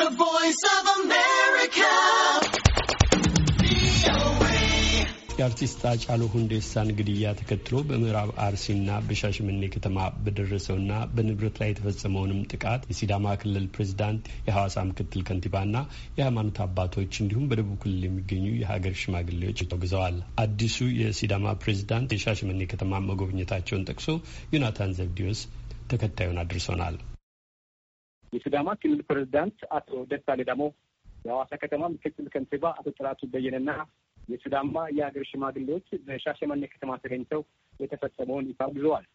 The Voice of America. የአርቲስት ሃጫሉ ሁንዴሳን ግድያ ተከትሎ በምዕራብ አርሲና በሻሸመኔ ከተማ በደረሰውና በንብረት ላይ የተፈጸመውንም ጥቃት የሲዳማ ክልል ፕሬዚዳንት፣ የሐዋሳ ምክትል ከንቲባና የሃይማኖት አባቶች እንዲሁም በደቡብ ክልል የሚገኙ የሀገር ሽማግሌዎች ተወግዘዋል። አዲሱ የሲዳማ ፕሬዚዳንት የሻሸመኔ ከተማ መጎብኘታቸውን ጠቅሶ ዮናታን ዘብዲዮስ ተከታዩን አድርሶናል። የሲዳማ ክልል ፕሬዚዳንት አቶ ደሳሌ ዳሞ፣ የሐዋሳ ከተማ ምክትል ከንቲባ አቶ ጥራቱ በየነና የሲዳማ የሀገር ሽማግሌዎች በሻሸመኔ ከተማ ተገኝተው የተፈጸመውን ይፋ አውግዘዋል።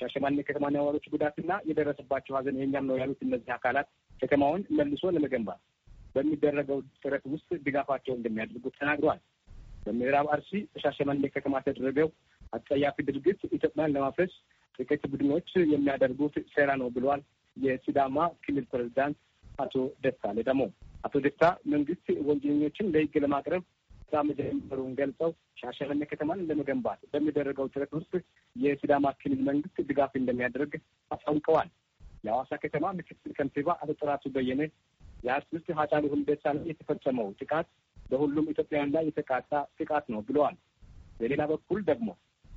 ሻሸመኔ ከተማ ነዋሪዎች ጉዳትና የደረሰባቸው ሀዘን የኛም ነው ያሉት እነዚህ አካላት ከተማውን መልሶ ለመገንባት በሚደረገው ጥረት ውስጥ ድጋፋቸው እንደሚያደርጉ ተናግረዋል። በምዕራብ አርሲ በሻሸመኔ ከተማ ተደረገው አጸያፊ ድርጊት ኢትዮጵያን ለማፍረስ ጥቂት ቡድኖች የሚያደርጉት ሴራ ነው ብለዋል። የሲዳማ ክልል ፕሬዚዳንት አቶ ደስታ ሌዳሞ። አቶ ደስታ መንግስት ወንጀለኞችን ለህግ ለማቅረብ ስራ መጀመሩን ገልጸው ሻሸመኔ ከተማን ለመገንባት በሚደረገው ጥረት ውስጥ የሲዳማ ክልል መንግስት ድጋፍ እንደሚያደርግ አስታውቀዋል። የሐዋሳ ከተማ ምክትል ከንቲባ አቶ ጥራቱ በየነ የአርቲስት ሀጫሉ ሁንዴሳ ላይ የተፈጸመው ጥቃት በሁሉም ኢትዮጵያውያን ላይ የተቃጣ ጥቃት ነው ብለዋል። በሌላ በኩል ደግሞ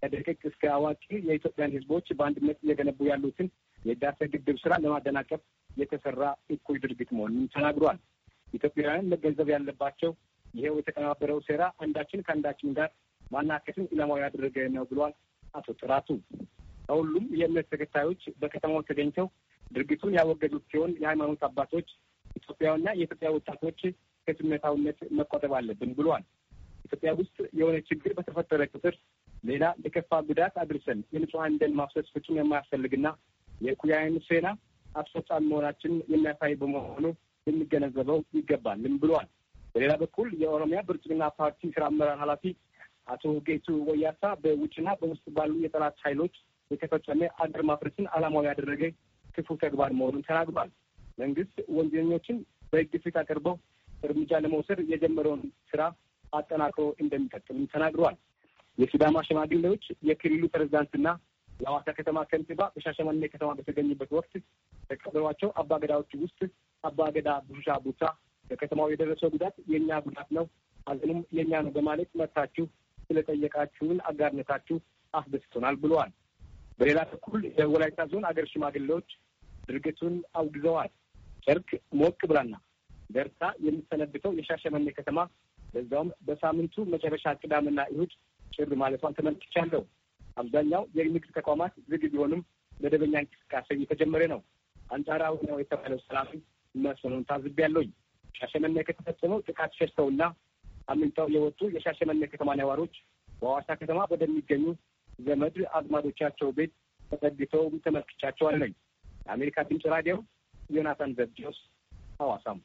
ከደቂቅ እስከ አዋቂ የኢትዮጵያን ህዝቦች በአንድነት እየገነቡ ያሉትን የህዳሴ ግድብ ስራ ለማደናቀፍ የተሰራ እኩይ ድርጊት መሆኑን ተናግሯል። ኢትዮጵያውያን መገንዘብ ያለባቸው ይሄው የተቀናበረው ሴራ አንዳችን ከአንዳችን ጋር ማናከትን ኢላማዊ ያደረገ ነው ብሏል። አቶ ጥራቱ ከሁሉም የእምነት ተከታዮች በከተማው ተገኝተው ድርጊቱን ያወገዙት ሲሆን የሃይማኖት አባቶች ኢትዮጵያውያንና የኢትዮጵያ ወጣቶች ከስሜታዊነት መቆጠብ አለብን ብሏል። ኢትዮጵያ ውስጥ የሆነ ችግር በተፈጠረ ቁጥር ሌላ ለከፋ ጉዳት አድርሰን የንጹሐን ደም ማፍሰስ ፍጹም የማያስፈልግና የኩያይን ሴና አስፈጻሚ መሆናችን የሚያሳይ በመሆኑ የሚገነዘበው ይገባልም ብሏል። በሌላ በኩል የኦሮሚያ ብልጽግና ፓርቲ ስራ አመራር ኃላፊ አቶ ጌቱ ወያሳ በውጭና በውስጥ ባሉ የጠላት ኃይሎች የተፈጸመ አገር ማፍረስን ዓላማዊ ያደረገ ክፉ ተግባር መሆኑን ተናግሯል። መንግስት ወንጀለኞችን በሕግ ፊት አቅርበው እርምጃ ለመውሰድ የጀመረውን ስራ አጠናክሮ እንደሚቀጥልም ተናግሯል። የሲዳማ ሽማግሌዎች የክልሉ ፕሬዚዳንትና የሐዋሳ ከተማ ከንቲባ በሻሸመኔ ከተማ በተገኙበት ወቅት ከቀበሯቸው አባገዳዎች ውስጥ አባገዳ ቡሻ ቡታ በከተማው የደረሰው ጉዳት የእኛ ጉዳት ነው፣ ሀዘኑም የእኛ ነው በማለት መታችሁ ስለጠየቃችሁን አጋርነታችሁ አስደስቶናል ብለዋል። በሌላ በኩል የወላይታ ዞን አገር ሽማግሌዎች ድርጊቱን አውግዘዋል። ጨርቅ ሞቅ ብላና ደርታ የምትሰነብተው የሻሸመኔ ከተማ በዛውም በሳምንቱ መጨረሻ ቅዳምና እሁድ ጭር ማለቷን ተመልክቻለሁ። አብዛኛው የንግድ ተቋማት ዝግ ቢሆንም መደበኛ እንቅስቃሴ እየተጀመረ ነው። አንጻራዊ ነው የተባለው ሰላም መስኖን ታዝቤያለሁኝ። ሻሸመኔ ከተፈጸመው ጥቃት ሸሽተውና አምልጠው የወጡ የሻሸመኔ ከተማ ነዋሪዎች በሐዋሳ ከተማ ወደሚገኙ ዘመድ አዝማዶቻቸው ቤት ተጠግተው ተመልክቻቸዋለኝ። የአሜሪካ ድምፅ ራዲዮ ዮናታን ዘብዲዮስ ሐዋሳም